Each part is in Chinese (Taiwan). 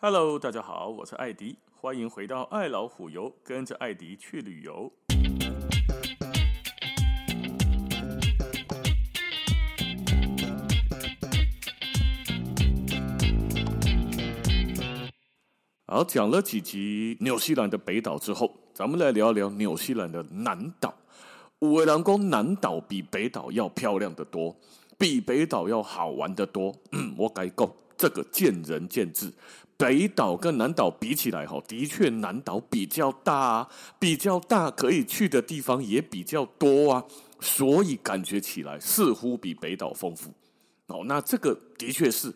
Hello，大家好，我是艾迪，歡迎回到愛老虎遊，跟着艾迪去旅遊。好，講了幾集紐西蘭的北島之後，咱們來聊聊紐西蘭的南島。五雖郎說南島比北島要漂亮得多，比北島要好玩得多，嗯、我改夠，這個見仁見智。北島跟南島比起來，哈，的確南島比較大，啊，比較大，可以去的地方也比較多啊，所以感覺起來似乎比北島豐富哦。那這個的確是，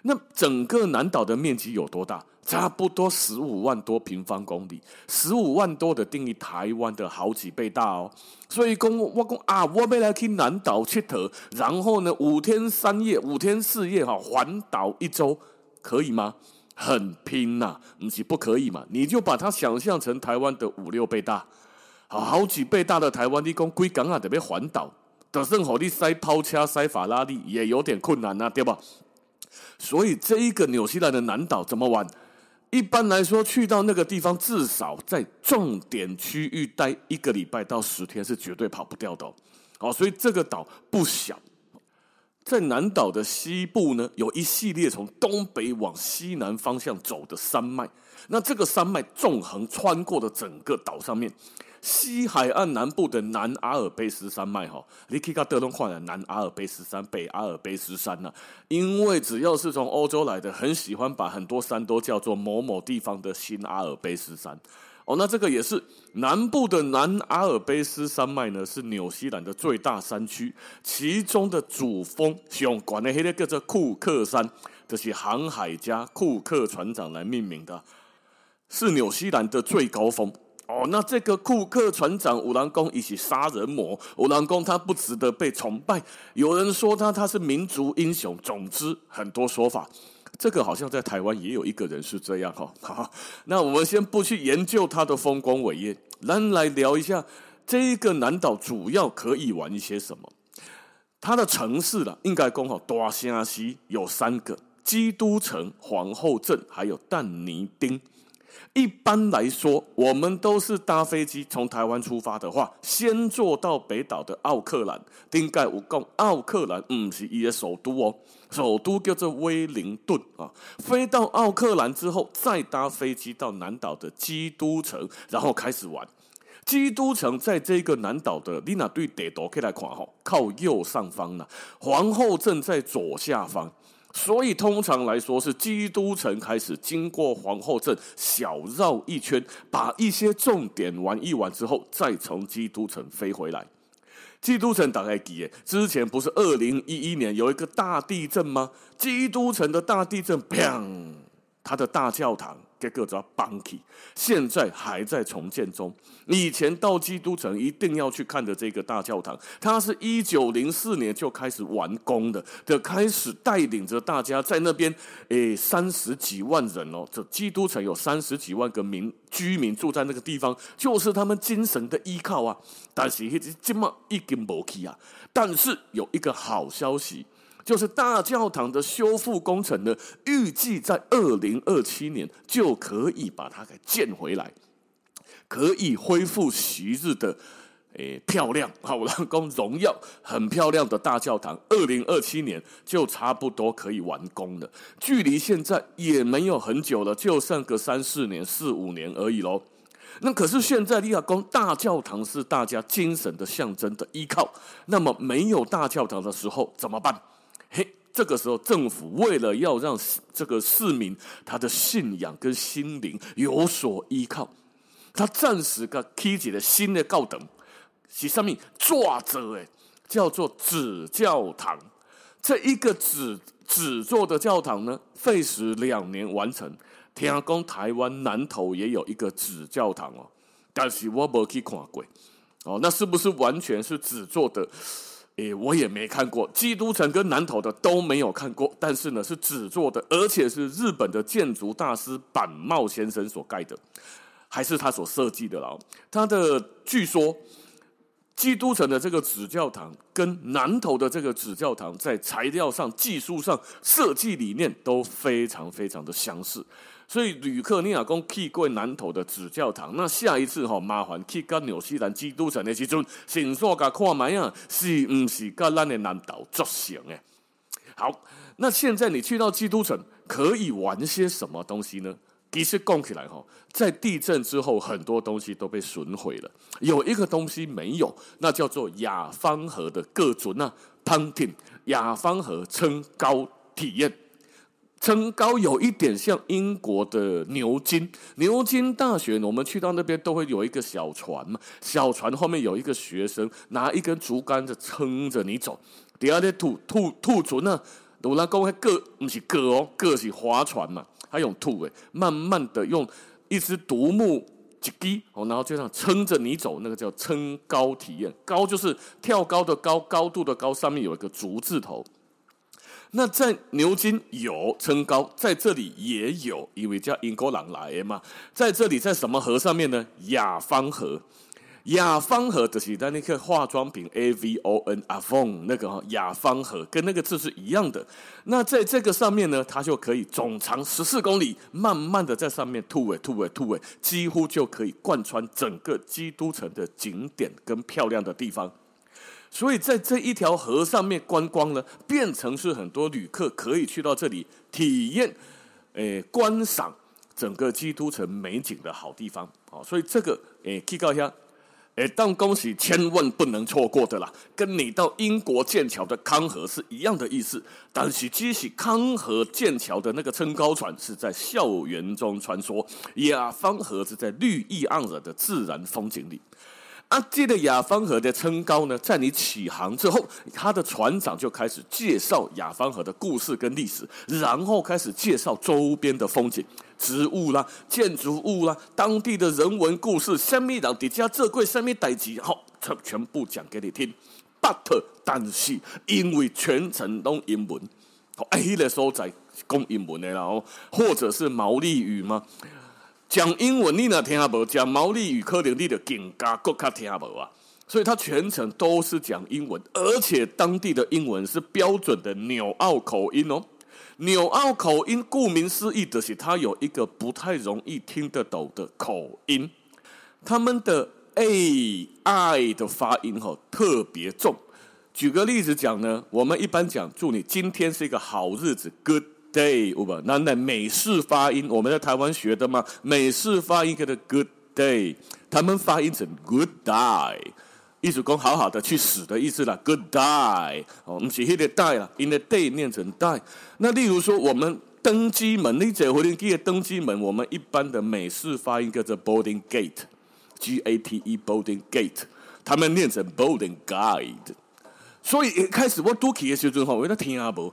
那整個南島的面積有多大，差不多十五萬多平方公里，十五萬多的定義台灣的好幾倍大哦。所以說，我說啊，我未來聽南島去頭，然後呢，五天三夜，五天四夜哈，環島一週可以嗎？很拼吶、啊，不是不可以嘛？你就把它想象成台灣的五六倍大，好，好幾倍大的台灣，你講歸港啊，得被環島，但任何你塞跑車塞法拉利也有點困難啊，對吧？所以這一個紐西蘭的南島怎麼玩？一般來說，去到那個地方，至少在重點區域待一個禮拜到十天是絕對跑不掉的，哦。好，所以這個島不小。在南島的西部呢，有一系列從東北往西南方向走的山脈。那這個山脈縱橫穿過了整個島上面。西海岸南部的南阿爾卑斯山脈，哈，你可以看德文畫南阿爾卑斯山，北阿爾卑斯山啊，因為只要是從歐洲來的，很喜歡把很多山都叫做某某地方的新阿爾卑斯山。哦，那這個也是南部的南阿爾卑斯山脈呢，是紐西蘭的最大山區，其中的主峰，希望管內黑的那個叫做庫克山，這，就是航海家庫克船長來命名的，是紐西蘭的最高峰。哦，那這個庫克船長五郎公一是殺人魔，五郎公他不值得被崇拜，有人說他他是民族英雄，總之很多說法。這個好像在台灣也有一個人是這樣哈哈，那我們先不去研究他的豐功偉業，咱來聊一下這個南島主要可以玩一些什麼？它的城市呢，應該剛好多沙西有三個：基督城、皇後鎮，還有但尼丁。一般來說，我們都是搭飛機從台灣出發的話，先坐到北島的奧克蘭。丁蓋我講，奧克蘭嗯是伊的首都哦，首都叫做威靈頓啊。飛到奧克蘭之後，再搭飛機到南島的基督城，然後開始玩。基督城在這個南島的，你那對地圖起來看吼，靠右上方呢、啊。皇後鎮在左下方。所以通常來說是基督城開始，經過皇後鎮，小繞一圈，把一些重點玩一玩之後，再從基督城飛回來。基督城大概幾年之前不是二零一一年有一個大地震嗎？基督城的大地震，砰！它的大教堂。這個叫 Bunky 現在還在重建中。以前到基督城一定要去看的這個大教堂，它是一九零四年就開始完工的，就開始帶領着大家在那邊，誒，三十幾萬人哦，這基督城有三十幾萬個民居民住在那個地方，就是他們精神的依靠啊。但是一直這麼一根毛啊，但是有一個好消息。就是大教堂的修復工程呢，預計在二零二七年就可以把它給建回來，可以恢復昔日的誒、欸、漂亮，好拉跟榮耀，很漂亮的大教堂。二零二七年就差不多可以完工了，距離現在也沒有很久了，就剩個三四年、四五年而已嘍。那可是現在，你說大教堂是大家精神的象徵的依靠。那麼沒有大教堂的時候怎麼辦？嘿，這個時候政府為了要讓這個市民他的信仰跟心靈有所依靠，他暫時給他個開啟的新的高等，是上面坐着誒，叫做紙教堂。這一個紙紙做的教堂呢，費時兩年完成。聽講台灣南投也有一個紙教堂哦，但是我沒去看過。哦，那是不是完全是紙做的？誒，我也沒看過，基督城跟南投的都沒有看過，但是呢是紙做的，而且是日本的建築大師坂茂先生所蓋的，還是他所設計的了。他的據說，基督城的這個紙教堂跟南投的這個紙教堂在材料上、技術上、設計理念都非常非常的相似。所以旅客，你啊講去過南投的紙教堂，那下一次吼、哦，麻煩去跟紐西蘭基督城的時陣，先先甲看下啊，是唔是跟咱的南島作相誒？好，那現在你去到基督城，可以玩些什麼東西呢？其實講起來吼、哦，在地震之後，很多東西都被損毀了。有一個東西沒有，那叫做雅芳河的各種那攀艇、雅芳河撐篙體驗。撐篙有一點像英國的牛津牛津大學，我們去到那邊都會有一個小船嘛，小船後面有一個學生拿一根竹竿子撐着你走。第二天，吐吐吐船呢、啊？我拉講，割不是割哦，割是划船嘛，還有吐慢慢的用一只獨木，哦，然後這樣撐着你走，那個叫撐篙體驗。高就是跳高的高，高度的高，上面有一個竹字頭。那在牛津有撐篙，在這裡也有，因為叫英格蘭來嘛，在這裡在什麼河上面呢？雅芳河，雅芳河就是但那個化妝品 A V O N 阿鳳那個哈、哦、雅芳河跟那個字是一樣的。那在這個上面呢，它就可以總長十四公里，慢慢的在上面吐圍吐圍吐圍，幾乎就可以貫穿整個基督城的景點跟漂亮的地方。所以在這一條河上面觀光呢，變成是很多旅客可以去到這裡體驗，誒、欸、觀賞整個基督城美景的好地方。好，所以這個誒預告一下，誒但恭喜千萬不能錯過的啦，跟你到英國劍橋的康河是一樣的意思。但是即使康河劍橋的那個撐篙船是在校園中穿梭，雅芳河是在綠意盎然的自然風景裡。記得雅芳河的撐篙呢，在你起航之後，他的船長就開始介紹雅芳河的故事跟歷史，然後開始介紹周邊的風景、植物啦、建築物啦、當地的人文故事，什米老底加這貴，什麼代級，好，全全部講給你聽。But 但是，因為全程都英文，哦，阿基的時候在講英文的啦，哦，或者是毛利語嗎？講英文，你呢？聽下無？講毛利與柯林地的梗噶，國家。聽下無啊？所以他全程都是講英文，而且當地的英文是標準的紐澳口音哦。紐澳口音，顧名思義，的是它有一個不太容易聽得懂的口音。他們的 a i 的發音吼特別重。舉個例子講呢，我們一般講祝你今天是一個好日子，Good。Day 那那美式發音我們在台灣學的嘛？美式發音叫做 Good Day，他們發音成 Good Die，意思講好好的去死的意思了。Good Die，我、哦、們寫寫的 Die 了，in the Day 念成 Die。那例如說我們登機門，你在火電梯的登機門，我們一般的美式發音叫做 Boarding Gate，G A T E Boarding Gate，他們念成 Boarding Guide。所以一開始我多聽的時候，我都聽阿伯。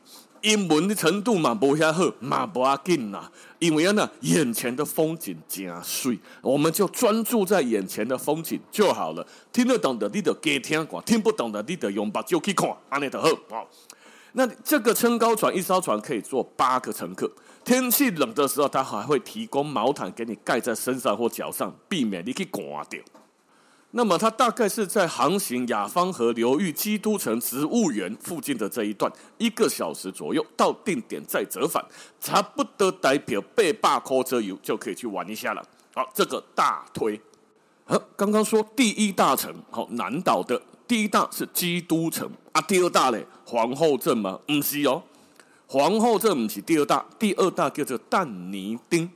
英文的程度嘛不遐好，嘛不阿緊啦。因為呢，眼前的風景真水，我們就專注在眼前的風景就好了。聽得懂的，你就給聽；光聽不懂的，你就用目睭去看。安尼就好，哦、那這個撐篙船，一艘船可以坐八個乘客。天氣冷的時候，他還會提供毛毯給你蓋在身上或腳上，避免你去寒掉。那麼它大概是在航行雅芳河流域基督城植物園附近的這一段，一個小時左右到定點再折返，差不多代表八百塊左右就可以去玩一下了。好，這個大推，剛剛說第一大城，好，南島的第一大是基督城啊，第二大嘞皇後鎮嗎？不是哦，皇後鎮不是第二大，第二大叫做但尼丁，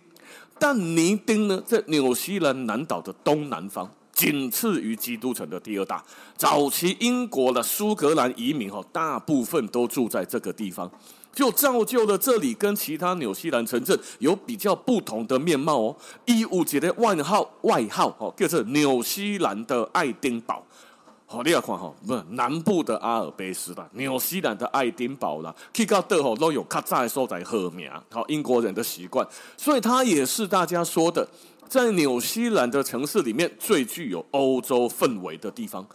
但尼丁呢在紐西蘭南島的東南方。僅次於基督城的第二大，早期英國的蘇格蘭移民大部分都住在這個地方，就造就了這裡跟其他紐西蘭城鎮有比較不同的面貌哦。伊有一個的外號，外號哦，就是紐西蘭的愛丁堡。好，你要看哈，不南部的阿爾卑斯紐西蘭的愛丁堡啦，去到倒吼都有較早的所在號名，好，英國人的習慣，所以他也是大家說的。在紐西蘭的城市裡面，最具有歐洲氛圍的地方，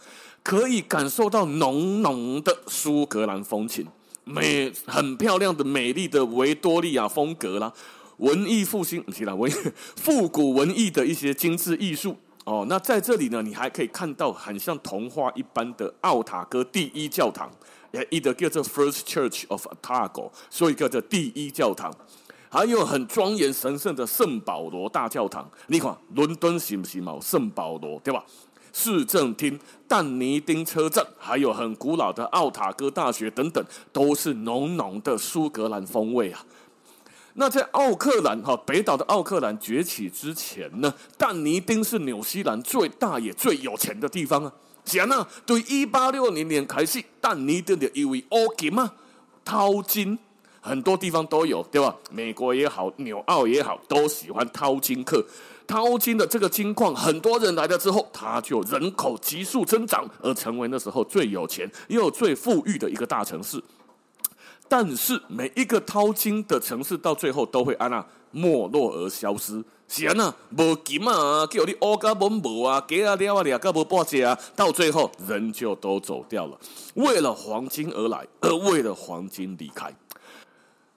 可以感受到濃濃的蘇格蘭風情，美很漂亮的美麗的維多利亞風格啦，文藝復興，不起來文藝復古文藝的一些精緻藝術哦。那在這裡呢，你還可以看到很像童話一般的奧塔哥第一教堂，也譯得叫做 First Church of Otago，所以叫做第一教堂。還有很莊嚴神聖的聖保羅大教堂，你看倫敦行不行嘛？聖保羅對吧？市政廳、但尼丁車站，還有很古老的奧塔哥大學等等，都是濃濃的蘇格蘭風味啊。那在奧克蘭哈北島的奧克蘭崛起之前呢？但尼丁是紐西蘭最大也最有錢的地方啊。顯然，對一八六零年開始，但尼丁的一位奧金嘛、啊、淘金。很多地方都有，對吧？美國也好，紐澳也好，都喜歡淘金客。淘金的這個金礦，很多人來了之後，他就人口急速增長，而成為那時候最有錢又最富裕的一個大城市。但是，每一個淘金的城市到最後都會啊，沒落而消失。行啊，無金啊，叫你歐加文無啊，給啊了啊，兩個無半只啊，到最後人就都走掉了。為了黃金而來，而、呃、為了黃金離開。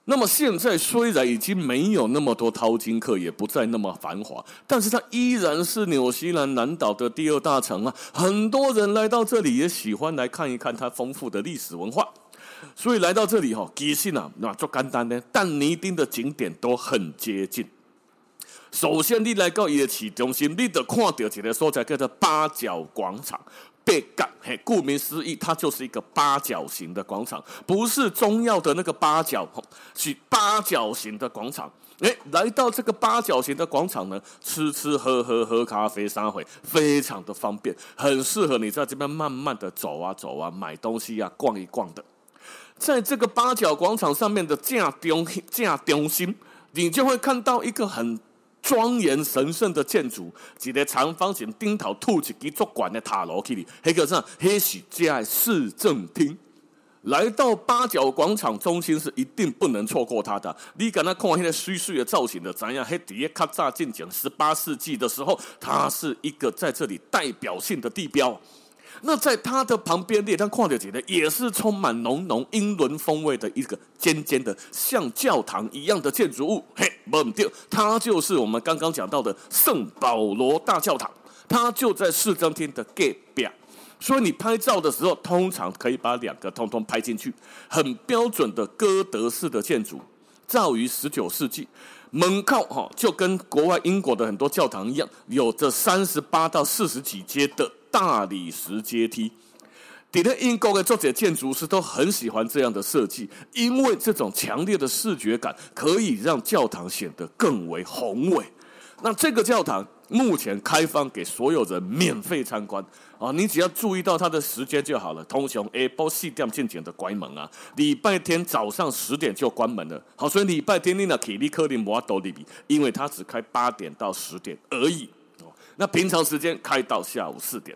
那麼現在雖然已經沒有那麼多淘金客，也不再那麼繁華，但是它依然是紐西蘭南島的第二大城啊，很多人來到這裡也喜歡來看一看它豐富的歷史文化，所以來到這裡哈、哦，其實呢，那就乾單簡單呢，但尼丁的景點都很接近。首先，你來到夜的市中心，你得看到一個所在叫做八角廣場。八角，嘿，顧名思義，它就是一個八角形的廣場，不是中藥的那個八角，去八角形的廣場。哎、欸，來到這個八角形的廣場呢，吃吃喝喝，喝咖啡三回，非常的方便，很適合你在這邊慢慢的走啊走啊，買東西啊，逛一逛的。在這個八角廣場上面的正中正中心，你就會看到一個很。莊嚴神聖的建築，一個長方形頂頭突起幾座管的塔樓，去哩。黑個是黑市街市政廳。來到八角廣場中心，是一定不能錯過它的。你敢那看現在水水的造型的怎樣？黑底卡咔進講，十八世紀的時候，它是一個在這裡代表性的地標。那在它的旁邊，那礦井井的也是充滿濃濃英倫風味的一個尖尖的、像教堂一樣的建築物。嘿，門丟，它就是我們剛剛講到的聖保羅大教堂，它就在市政廳的隔壁。所以你拍照的時候，通常可以把兩個通通拍進去，很標準的哥德式的建築，造於十九世紀。門靠哈，就跟國外英國的很多教堂一樣，有着三十八到四十幾階的。大理石階梯，底特英國的作者建築師都很喜歡這樣的設計，因為這種強烈的視覺感可以讓教堂顯得更為宏偉。那這個教堂目前開放給所有人免費參觀啊、哦，你只要注意到它的時間就好了。通常啊，四點之前就關門啊，禮拜天早上十點就關門了。好，所以禮拜天那呢，提利克林瓦多利比，因為它只開八點到十點而已。那平常時間開到下午四點。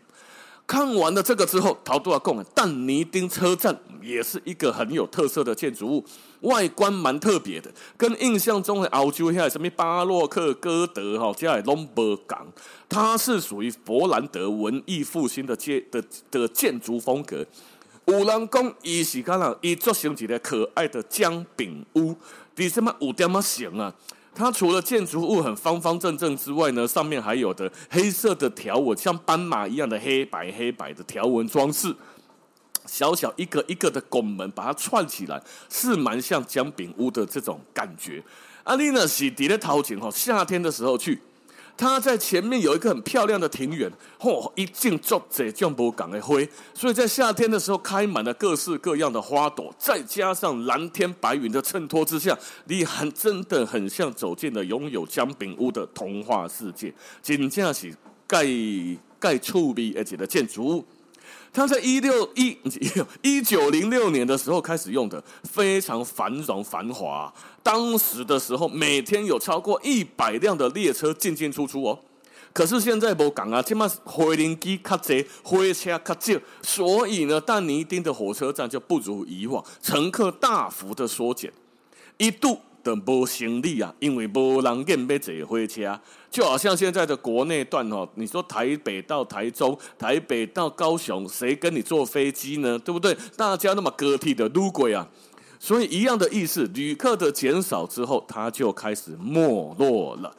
看完了這個之後，陶杜公貢，但尼丁車站也是一個很有特色的建築物，外觀蠻特別的，跟印象中的歐洲現在什麼巴洛克、哥德哈，哦、這都不樣的龍柏港，它是屬於佛蘭德文藝復興的建的的建築風格。有人講伊是講了伊作像幾條可愛的薑餅屋，你什麼有點麼想啊？它除了建築物很方方正正之外呢，上面還有的黑色的條紋，像斑馬一樣的黑白黑白的條紋裝飾，小小一個一個的拱門把它串起來，是蠻像薑餅屋的這種感覺。阿、啊、麗呢，洗滌的陶情哈，夏天的時候去。它在前面有一個很漂亮的庭園，嚯、哦，不一進就者江浦港的灰，所以在夏天的時候開滿了各式各樣的花朵，再加上藍天白雲的襯托之下，你還真的很像走進了擁有薑餅屋的童話世界。緊接著是蓋蓋理自而且的建築物。他在一六一一九零六年的時候開始用的，非常繁榮繁華、啊。當時的時候，每天有超過一百輛的列車進進出出哦。可是現在不一樣啊，他媽回零機卡少，回車卡少，所以呢，但尼丁的火車站就不如以往，乘客大幅的縮減，一度。的無行李啊，因為無人願意坐火車，就好像現在的國內段哦，你說台北到台中，台北到高雄，誰跟你坐飛機呢？對不對？大家那麼割地的擼軌啊，所以一樣的意思，旅客的減少之後，他就開始沒落了。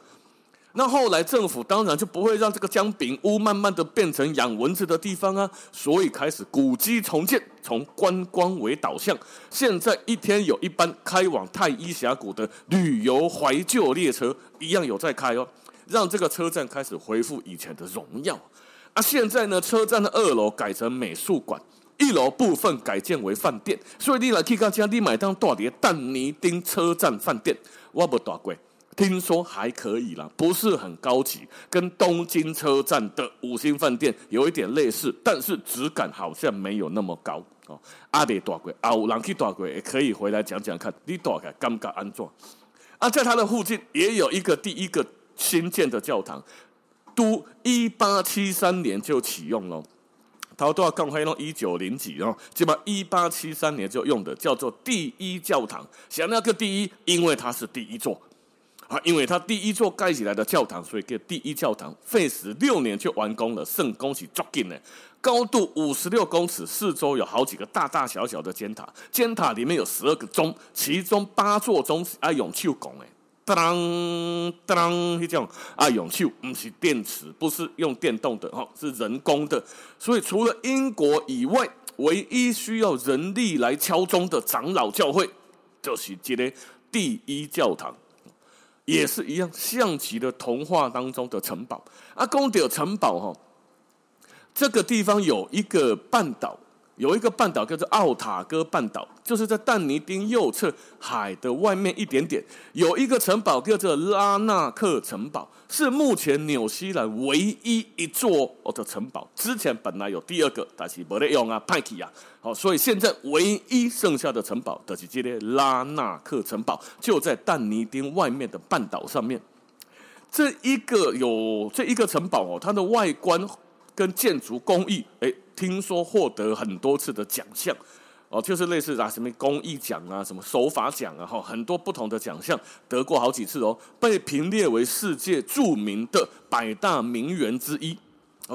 那後來政府當然就不會讓這個薑餅屋慢慢的變成養蚊子的地方啊，所以開始古蹟重建，從觀光為導向。現在一天有一班開往太醫峽谷的旅遊懷舊列車，一樣有在開哦，讓這個車站開始恢復以前的榮耀。啊，現在呢，車站的二樓改成美術館，一樓部分改建為飯店。所以你來看一家，你買張大碟，但尼丁車站飯店，我不大貴。聽說還可以啦，不是很高級，跟東京車站的五星飯店有一點類似，但是質感好像沒有那麼高哦。啊沒住過、阿、啊、有人去住過也可以回來講講看，你住過來感覺按怎。啊，在它的附近也有一個第一個新建的教堂，都一八七三年就啟用了。他都少更歡迎一九零幾哦，起碼一八七三年就用的，叫做第一教堂。想要個第一，因為它是第一座。因為它第一座蓋起來的教堂，所以叫第一教堂。費時六年就完工了，聖宮是抓緊的，高度五十六公尺，四周有好幾個大大小小的尖塔，尖塔裡面有十二個鐘，其中八座鐘愛永秀講的「當當是這樣，啊，永秀不是電池，不是用電動的，是人工的。所以除了英國以外，唯一需要人力來敲鐘的長老教會，就是這個第一教堂。也是一樣，象棋的童話當中的城堡，阿公的城堡哈，這個地方有一個半島。有一個半島叫做奧塔哥半島，就是在但尼丁右側海的外面一點點，有一個城堡叫做拉納克城堡，是目前紐西蘭唯一一座哦的城堡。之前本來有第二個，但是沒得用啊，派奇啊，好、哦，所以現在唯一剩下的城堡就是這些拉納克城堡，就在但尼丁外面的半島上面。這一個有這一個城堡哦，它的外觀。跟建築工藝，誒，聽說獲得很多次的獎項，哦，就是類似啊什麼工藝獎啊、什麼手法獎啊，哈，很多不同的獎項得過好幾次哦，被評列為世界著名的百大名園之一。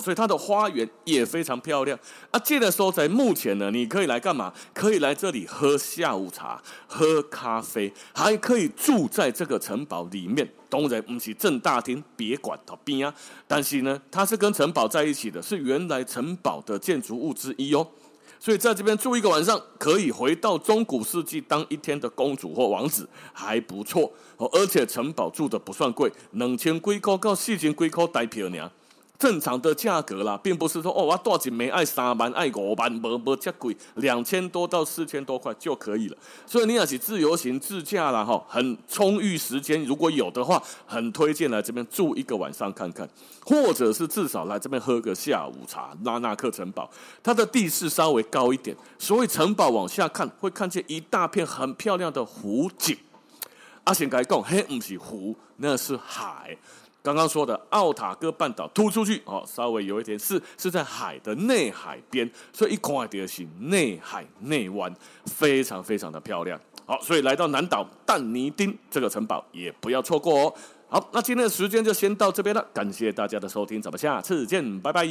所以它的花園也非常漂亮。啊，借的時候在目前呢，你可以來幹嘛？可以來這裡喝下午茶、喝咖啡，還可以住在這個城堡裡面。當然不是正大廳別館旁邊啊，但是呢，它是跟城堡在一起的，是原來城堡的建築物之一哦。所以在這邊住一個晚上，可以回到中古世紀當一天的公主或王子，還不錯。哦，而且城堡住的不算貴，兩千幾塊到四千幾塊台幣。呢。正常的價格啦，並不是說哦，我住一晚要要三萬要五萬，沒沒這麼貴，兩千多到四千多塊就可以了。所以你要是自由行自駕啦哈，很充裕時間，如果有的話，很推薦來這邊住一個晚上看看，或者是至少來這邊喝個下午茶。拉納克城堡，它的地勢稍微高一點，所以城堡往下看會看見一大片很漂亮的湖景。阿賢講，那不是湖，那是海。剛剛說的奧塔哥半島突出去哦，稍微有一點是是在海的內海邊，所以一看就是內海內灣，非常非常的漂亮。好，所以來到南島但尼丁這個城堡也不要錯過哦。好，那今天的時間就先到這邊了，感謝大家的收聽，咱們下，下次見，拜拜。